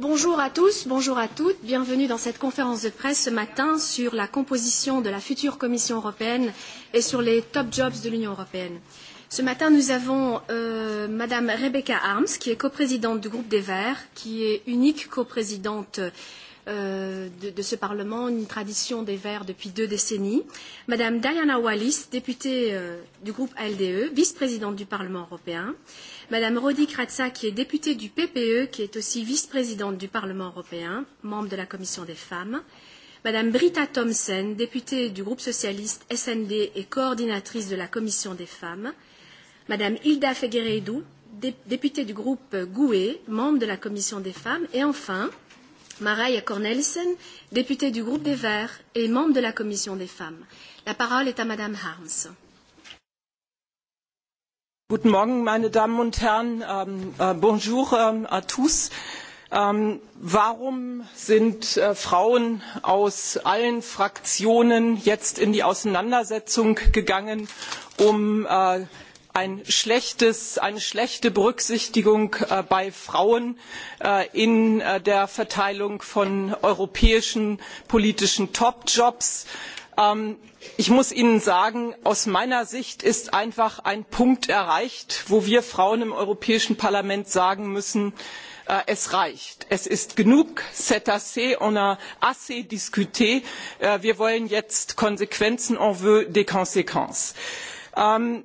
Bonjour à tous, bonjour à toutes, bienvenue dans cette conférence de presse ce matin sur la composition de la future Commission européenne et sur les top jobs de l'Union européenne. Ce matin, nous avons euh, Madame Rebecca Arms, qui est coprésidente du groupe des Verts, qui est unique coprésidente euh, de, de ce Parlement, une tradition des Verts depuis deux décennies. Madame Diana Wallis, députée euh, du groupe ALDE, vice-présidente du Parlement européen. Euh, Madame Rodi Kratza, qui est députée du PPE, qui est aussi vice-présidente du Parlement européen, membre de la Commission des femmes, Madame Britta Thomsen, députée du groupe socialiste SND et coordinatrice de la Commission des femmes, Madame Hilda Fegueredou, députée du groupe GUE, membre de la Commission des femmes, et enfin Maria Cornelissen, députée du groupe des Verts et membre de la Commission des femmes. La parole est à Madame Harms. Guten Morgen, meine Damen und Herren. Ähm, äh, bonjour ähm, à tous. Ähm, warum sind äh, Frauen aus allen Fraktionen jetzt in die Auseinandersetzung gegangen, um äh, ein schlechtes, eine schlechte Berücksichtigung äh, bei Frauen äh, in äh, der Verteilung von europäischen politischen Topjobs Ähm, ich muss ihnen sagen aus meiner sicht ist einfach ein punkt erreicht wo wir frauen im europäischen parlament sagen müssen äh, es reicht es ist genug c'est assez on a assez discut äh, wir wollen jetzt konsequenzen on veut des consquences. Ähm,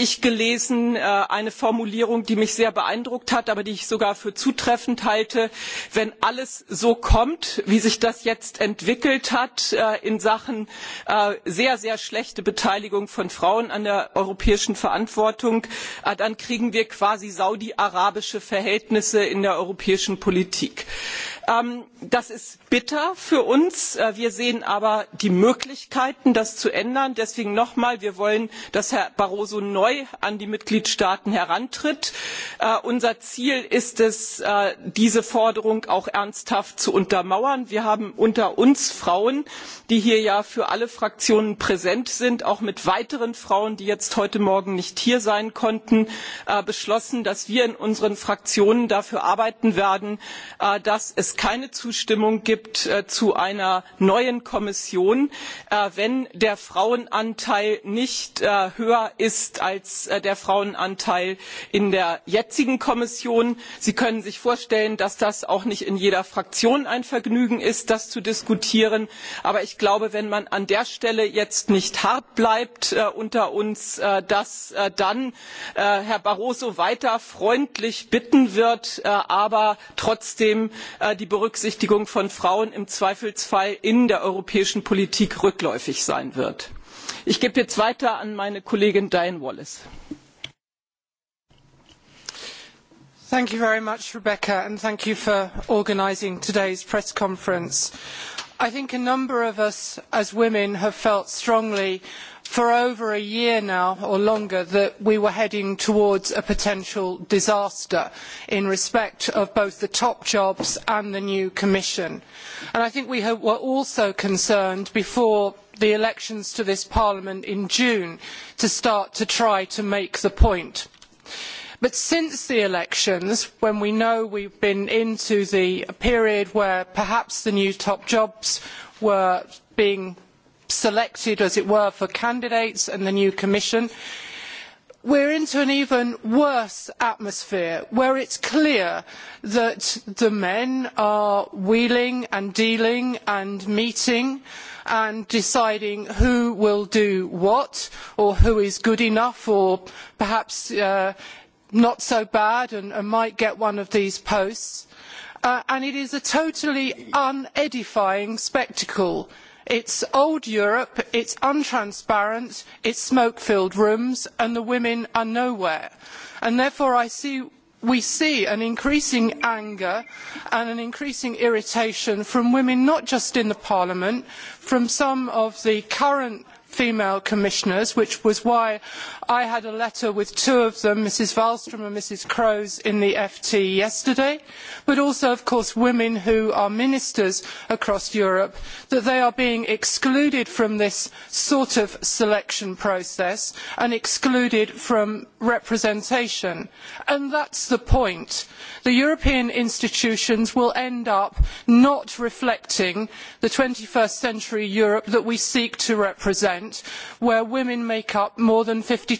ich gelesen äh, eine formulierung die mich sehr beeindruckt hat aber die ich sogar für zutreffend halte wenn alles so kommt wie sich das jetzt entwickelt hat äh, in sachen äh, sehr sehr schlechte beteiligung von frauen an der europäischen verantwortung dann kriegen wir quasi saudi arabische verhältnisse in der europäischen politik. Ähm, das ist bitter für uns wir sehen aber die möglichkeiten das zu ändern. deswegen noch einmal wir wollen dass herr barroso neu an die mitgliedstaaten herantritt. Äh, unser ziel ist es äh, diese forderung auch ernsthaft zu untermauern. wir haben unter uns frauen die hier ja für alle fraktionen präsent sind auch mit weiteren frauen die jetzt heute morgen nicht hier sein konnten äh, beschlossen dass wir in unseren fraktionen dafür arbeiten werden dass es keine zustimmung gibt zu einer neuen kommission wenn der frauenanteil nicht höher ist als äh, der frauenanteil in der jetzigen kommission. sie können sich vorstellen dass es auch nicht in jeder fraktion ein vergnügen ist das zu diskutieren aber ich glaube wenn man an der stelle jetzt nicht hart bleibt äh, unter uns äh, dass dann herr barroso weiter freundlich bitten wird aber trotzdem die berücksichtigung von frauen im zweifelsfall in der europäischen politik rückläufig sein wird ich gebe jetzt weiter an meine kollegin diane wallis. thank you very much rebecca and thank you for organising today's press conference. i think a number of us as women have felt strongly for over a year now or longer that we were heading towards a potential disaster in respect of both the top jobs and the new commission. And i think we were also concerned before the elections to this parliament in june to start to try to make the point but since the elections when we know we have been into the period where perhaps the new top jobs were being selected as it were for candidates and the new commission we are into an even worse atmosphere where it is clear that the men are wheeling and dealing and meeting and and deciding who will do what or who is good enough or perhaps uh, not so bad and, and might get one of these posts. Uh, and it is a totally unedifying spectacle. It's old Europe, it's untransparent, it's smoke-filled rooms, and the women are nowhere. And therefore I see we see an increasing anger and an increasing irritation from women not just in parliament from some of the current female commissioners which was why I had a letter with two of them, Mrs. wallstrm and Mrs. Kroes, in the FT yesterday, but also, of course, women who are ministers across Europe, that they are being excluded from this sort of selection process and excluded from representation. And that's the point. The European institutions will end up not reflecting the 21st century Europe that we seek to represent, where women make up more than 50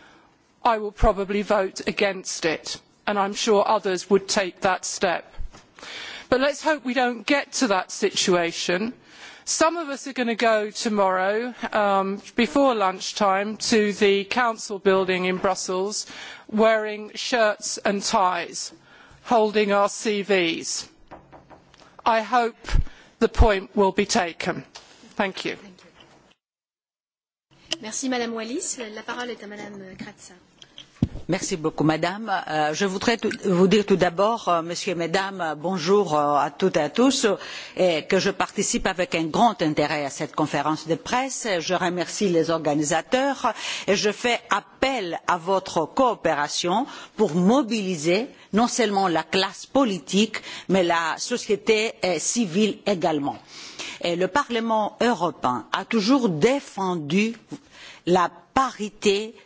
i will probably vote against it and i am sure others would take that step. but let us hope we do not get to that situation. some of us are going to go tomorrow um, before lunchtime to the council building in brussels wearing shirts and ties holding our cvs. i hope the point will be taken. thank you. Wallis. Merci beaucoup, madame. Euh, je voudrais vous dire tout d'abord, euh, monsieur et mesdames, euh, bonjour à toutes et à tous, et que je participe avec un grand intérêt à cette conférence de presse. Je remercie les organisateurs et je fais appel à votre coopération pour mobiliser non seulement la classe politique, mais la société civile également. Et le Parlement européen a toujours défendu la parité euh,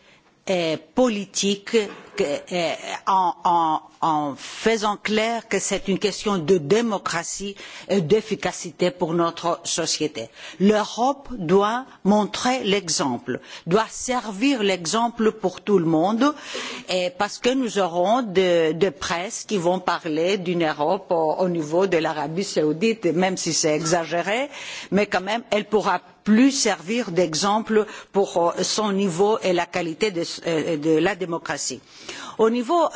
Euh, politique euh, en, faisant clair que c'est une question de démocratie et d'efficacité pour notre société. L'Europe doit montrer l'exemple, doit servir l'exemple pour tout le monde, et parce que nous aurons des de presse qui vont parler d'une Europe au, au niveau de l'Arabie saoudite, même si c'est exagéré, mais quand même, elle pourra plus servir d'exemple pour euh, son niveau et la qualité de, euh, de la démocratie. Au niveau euh,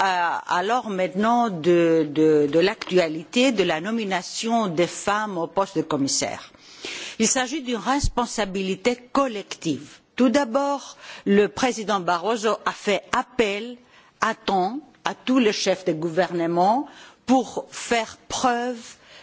alors maintenant de, de, de l'actualité de la nomination des femmes au poste de commissaire, il s'agit d'une responsabilité collective. Tout d'abord, le président Barroso a fait appel à temps à tous les chefs de gouvernement pour faire preuve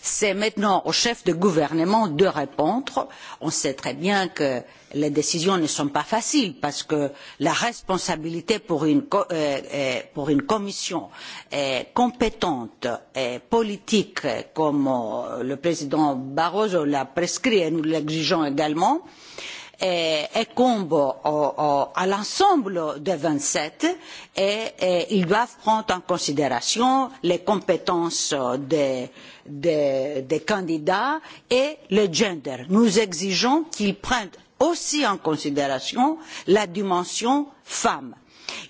C'est maintenant aux chefs de gouvernement de répondre. On sait très bien que les décisions ne sont pas faciles parce que la responsabilité pour une, euh, euh, pour une commission compétente et politique comme euh, le président Barroso l'a prescrit et nous l'exigeons également, euh, incombe au, au, à l'ensemble des 27 et, et ils doivent prendre en considération les compétences des, des, des candidats et le gender. Nous exigeons qu'ils prennent aussi en considération la dimension femme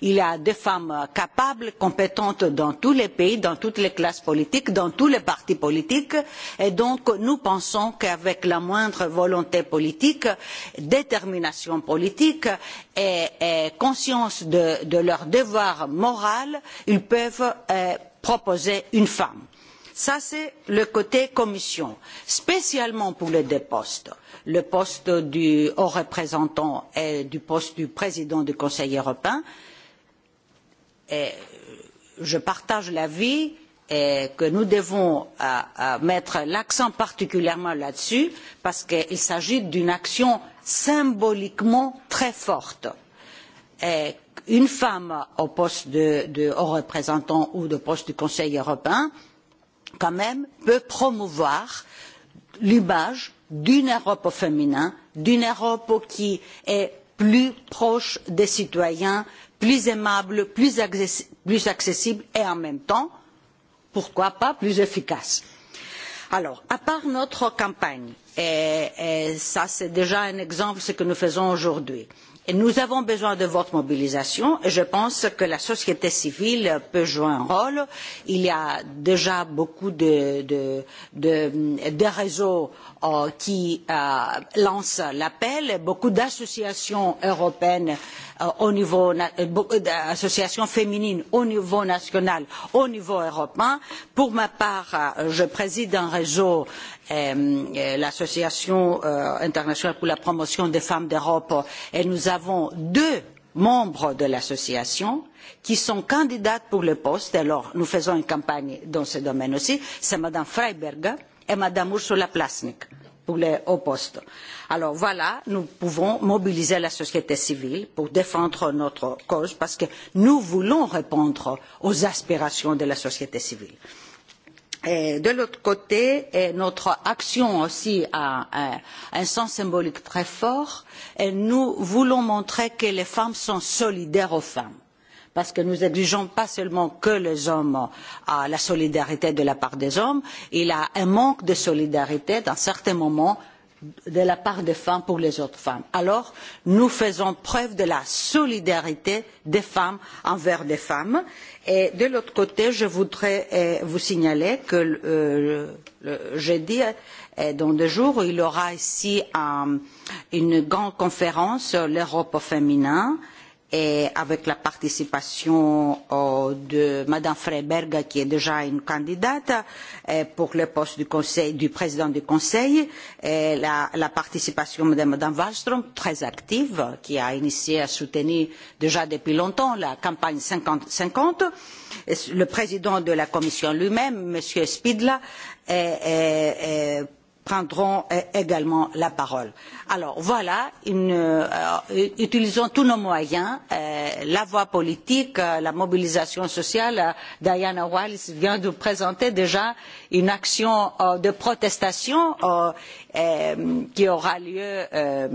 Il y a des femmes capables, compétentes dans tous les pays, dans toutes les classes politiques, dans tous les partis politiques. Et donc, nous pensons qu'avec la moindre volonté politique, détermination politique et, et conscience de, de leur devoir moral, ils peuvent euh, proposer une femme. Ça, c'est le côté commission, spécialement pour les deux postes, le poste du haut représentant et du poste du président du Conseil européen je partage l'avis que nous devons euh, euh, mettre l'accent particulièrement là dessus parce qu'il s'agit d'une action symboliquement très forte. une femme au poste de, de haut représentant ou au poste du conseil européen quand même peut promouvoir l'image d'une europe au féminin d'une europe qui est plus proche des citoyens, plus aimable, plus, accessible et en même temps, pourquoi pas, plus efficace. Alors, à part notre campagne, et, et ça c'est déjà un exemple de ce que nous faisons aujourd'hui, et nous avons besoin de votre mobilisation et je pense que la société civile peut jouer un rôle. Il y a déjà beaucoup de, de, de, de réseaux euh, qui euh, lancent l'appel, beaucoup d'associations européennes euh, Euh, au niveau euh, euh, associations féminines au niveau national au niveau européen. pour ma part je préside un réseau l'association internationale pour la promotion des femmes d'europe et nous avons deux membres de l'association qui sont candidates pour le poste alors nous faisons une campagne dans ce domaine aussi c'est mme freiberger et mme ursula plasnik les hauts postes. Alors voilà, nous pouvons mobiliser la société civile pour défendre notre cause parce que nous voulons répondre aux aspirations de la société civile. Et de l'autre côté, et notre action aussi a un, un sens symbolique très fort et nous voulons montrer que les femmes sont solidaires aux femmes parce que nous n'exigeons pas seulement que les hommes aient la solidarité de la part des hommes, il y a un manque de solidarité dans certains moments de la part des femmes pour les autres femmes. Alors, nous faisons preuve de la solidarité des femmes envers les femmes. Et de l'autre côté, je voudrais eh, vous signaler que euh, le jeudi, eh, dans deux jours, il y aura ici un, une grande conférence sur l'Europe féminin. Euh, et avec la participation euh, de Madame Freiberg, qui est déjà une candidate euh, pour le poste du, conseil, du président du Conseil, et la, la participation de Madame Wallström, très active, qui a initié à soutenir déjà depuis longtemps la campagne 50-50. Le président de la Commission lui-même, Monsieur Spidla, est, est, est prendront eh, également la parole. Alors voilà, une, euh, euh, utilisons tous nos moyens, euh, la voie politique, euh, la mobilisation sociale. Euh, Diana Wallis vient de présenter déjà une action euh, de protestation euh, euh, qui aura lieu euh, euh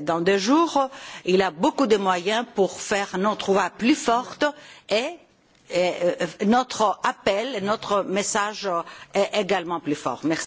dans deux jours. Il a beaucoup de moyens pour faire notre voix plus forte et notre appel notre message est également plus fort. Merci.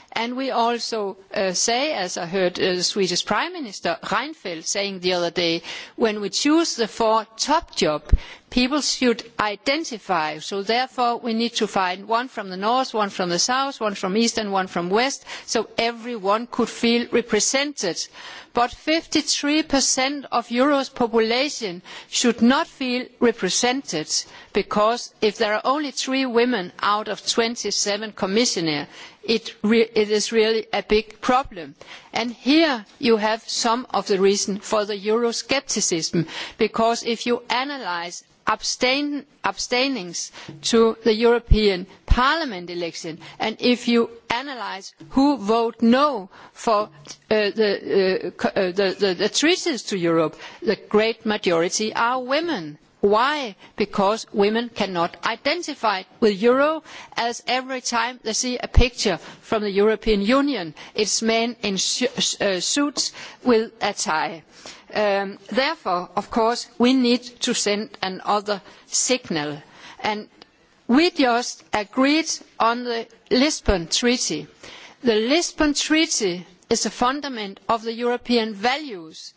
And we also uh, say, as I heard the uh, Swedish Prime Minister Reinfeldt saying the other day, when we choose the four top jobs, people should identify. So therefore, we need to find one from the north, one from the south, one from east, and one from west, so everyone could feel represented. But 53% of Europe's population should not feel represented, because if there are only three women out of 27 commissioners, It, is really a big problem. And here you have some of the reason for the Euroscepticism, because if you analyse abstain, abstainings to the European Parliament election, and if you analyse who voted no for uh, the, uh, uh, the, the, the treaties to Europe, the great majority are women Why? Because women cannot identify with euro as every time they see a picture from the European Union, it's men in uh, suits with a tie. Um, therefore, of course, we need to send another signal. And we just agreed on the Lisbon Treaty. The Lisbon Treaty is a fundament of the European values,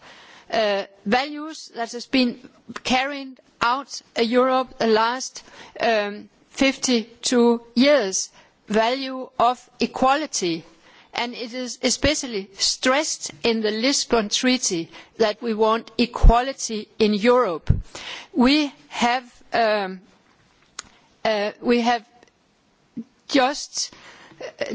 uh, values that has been carried out Europe the last um, fifty 52 years, value of equality. And it is especially stressed in the Lisbon Treaty that we want equality in Europe. We have, um, uh, we have just uh,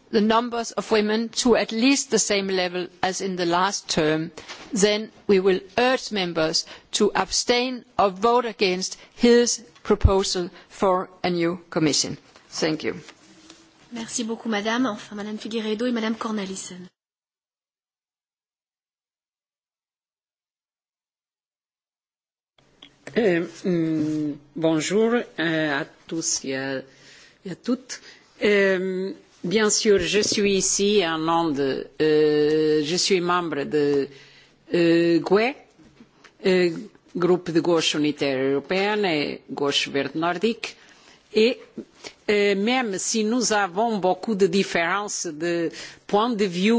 the numbers of women to at least the same level as in the last term, then we will urge members to abstain or vote against his proposal for a new commission. Thank you. Merci beaucoup, Madame. Enfin, Madame Figueredo et Madame Cornelissen. Eh, mm, bonjour eh, à tous et à, et à toutes. Eh, Bien sûr, je suis ici en nom de, euh, je suis membre de euh, GUE, euh, groupe de gauche unitaire européenne et gauche verte nordique, et euh, même si nous avons beaucoup de différences de point de vue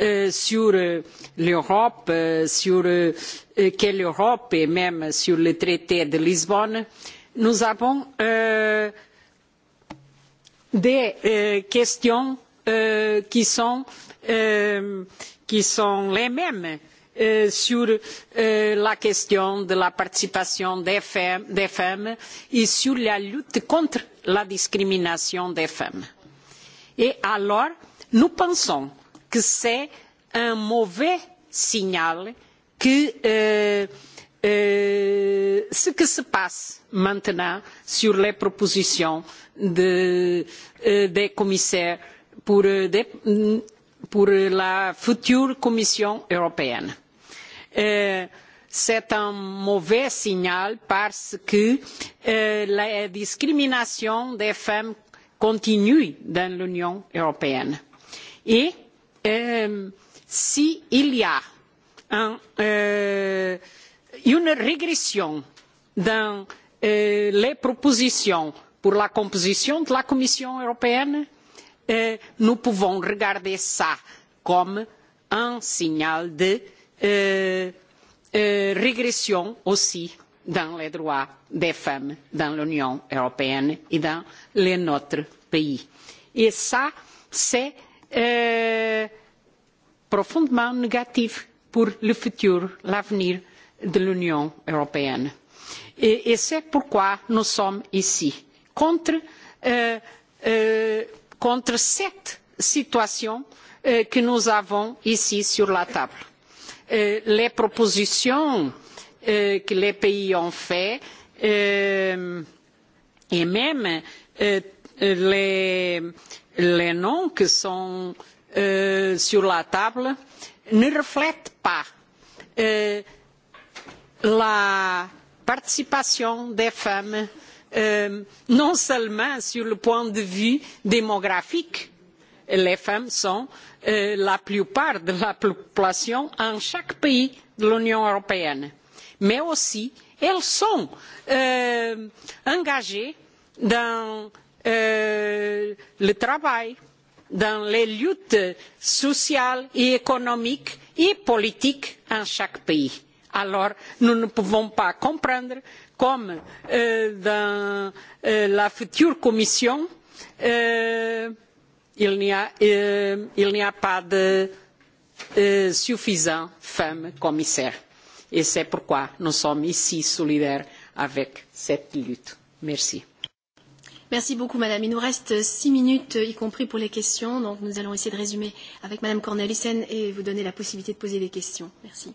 euh, sur euh, l'Europe, euh, sur euh, euh quelle Europe et même sur le traité de Lisbonne, nous avons euh, des euh, questions euh, euh, qui, sont, les mêmes sur la question de la participation des femmes, et sur la lutte contre la discrimination des femmes. Et alors, nous pensons que c'est un mauvais signal que Eh, ce qui se passe maintenant sur les propositions de, euh, des commissaires pour, euh, de, mm, pour la future Commission européenne. Euh, c'est un mauvais signal parce que la discrimination des femmes continue dans l'Union européenne. Et s'il y a un, euh, une régression dans euh, les propositions pour la composition de la Commission européenne, euh, nous pouvons regarder ça comme un signal de euh, euh, régression aussi dans les droits des femmes dans l'Union européenne et dans les notre pays. Et ça, c'est euh, profondément négatif pour le futur, l'avenir de l'Union européenne. Et, et c'est pourquoi nous sommes ici, contre, euh, euh, contre cette situation euh, que nous avons ici sur la table. Euh, les propositions euh, que les pays ont faites euh, et même euh, les, les noms qui sont euh, sur la table ne reflètent pas euh, la participation des femmes euh, non seulement sur le point de vue démographique les femmes sont euh, la plupart de la population en chaque pays de l'Union européenne, mais aussi elles sont euh, engagées dans euh, le travail, dans les luttes sociales et économiques et politiques en chaque pays Alors, nous ne pouvons pas comprendre comme euh, dans euh, la future Commission, euh, il n'y a, euh, il a pas de euh, suffisant femmes commissaires. Et c'est pourquoi nous sommes ici solidaires avec cette lutte. Merci. Merci beaucoup, Madame. Il nous reste six minutes, y compris pour les questions. Donc, nous allons essayer de résumer avec Madame Cornelissen et vous donner la possibilité de poser des questions. Merci.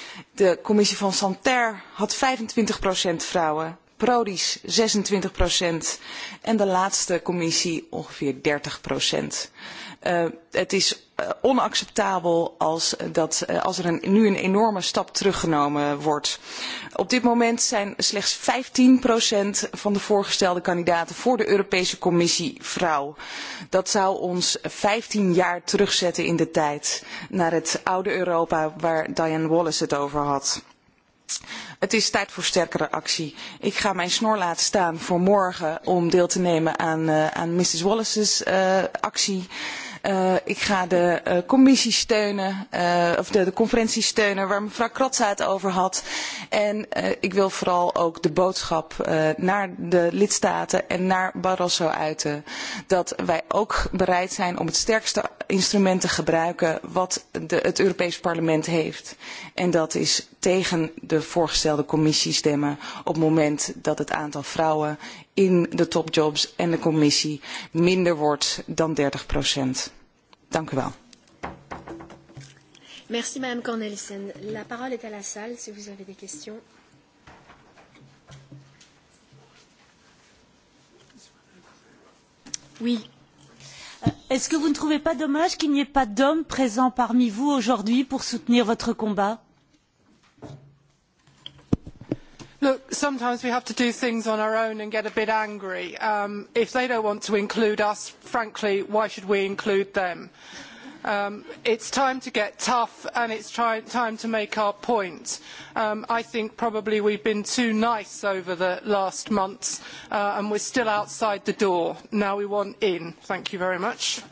De commissie van Santer had 25% vrouwen, Prodis 26% en de laatste commissie ongeveer 30%. Uh, het is eh, onacceptabel als, eh, dat, als er een, nu een enorme stap teruggenomen wordt. Op dit moment zijn slechts 15% van de voorgestelde kandidaten voor de Europese Commissie vrouw. Dat zou ons 15 jaar terugzetten in de tijd naar het oude Europa waar Diane Wallace het over had. Het is tijd voor sterkere actie. Ik ga mijn snor laten staan voor morgen om deel te nemen aan, uh, aan Mrs. Wallace's uh, actie. Uh, Eh, ik ga de uh, commissie steunen, uh, of de, de conferentie steunen waar mevrouw Kratza het over had. En uh, ik wil vooral ook de boodschap uh, naar de lidstaten en naar Barroso uiten. Dat wij ook bereid zijn om het sterkste instrument te gebruiken wat de, het Europees Parlement heeft. En dat is tegen de voorgestelde commissie stemmen op het moment dat het aantal vrouwen in de topjobs en de commissie minder wordt dan 30 procent. Dank u wel. Merci Madame Cornelissen. La parole est à la salle si vous avez des questions. Oui. Euh, est-ce que vous ne trouvez pas dommage qu'il n'y ait pas d'hommes présents parmi vous aujourd'hui pour soutenir votre combat Look, sometimes we have to do things on our own and get a bit angry. Um, if they don't want to include us, frankly, why should we include them? Um, it's time to get tough and it's try- time to make our point. Um, I think probably we've been too nice over the last months uh, and we're still outside the door. Now we want in. Thank you very much.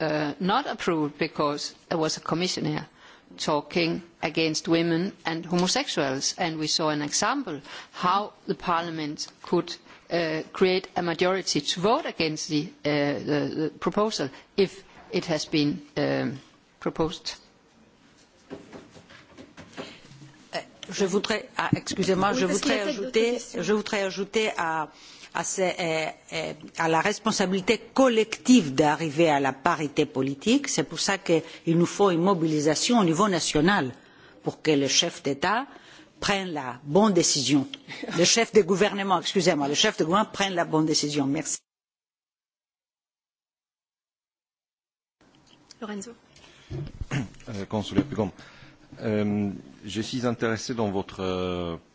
Uh, not approved because there was a commissioner talking against women and homosexuals. And we saw an example how the parliament could uh, create a majority to vote against the, uh, the, the proposal if it has been um, proposed. Euh, je voudrais, ah, excusez-moi, oui, je, voudrais ajouter, je voudrais ajouter à, à, ce, euh, euh, à la responsabilité collective d'arriver à la parité politique. C'est pour ça qu'il nous faut une mobilisation au niveau national pour que les chefs d'État prennent la bonne décision. Le chef de gouvernement, excusez-moi, le chef de gouvernement prenne la bonne décision. Merci. Lorenzo. Euh, consul Epicom, euh, je suis intéressé dans votre euh,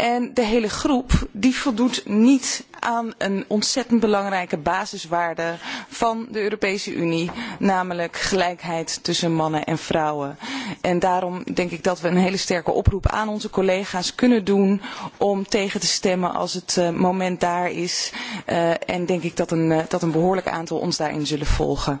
en de hele groep die voldoet niet aan een ontzettend belangrijke basiswaarde van de Europese Unie, namelijk gelijkheid tussen mannen en vrouwen. En daarom denk ik dat we een hele sterke oproep aan onze collega's kunnen doen om tegen te stemmen als het eh, moment daar is. Eh, en denk ik dat een, eh, dat een behoorlijk aantal ons daarin zullen volgen.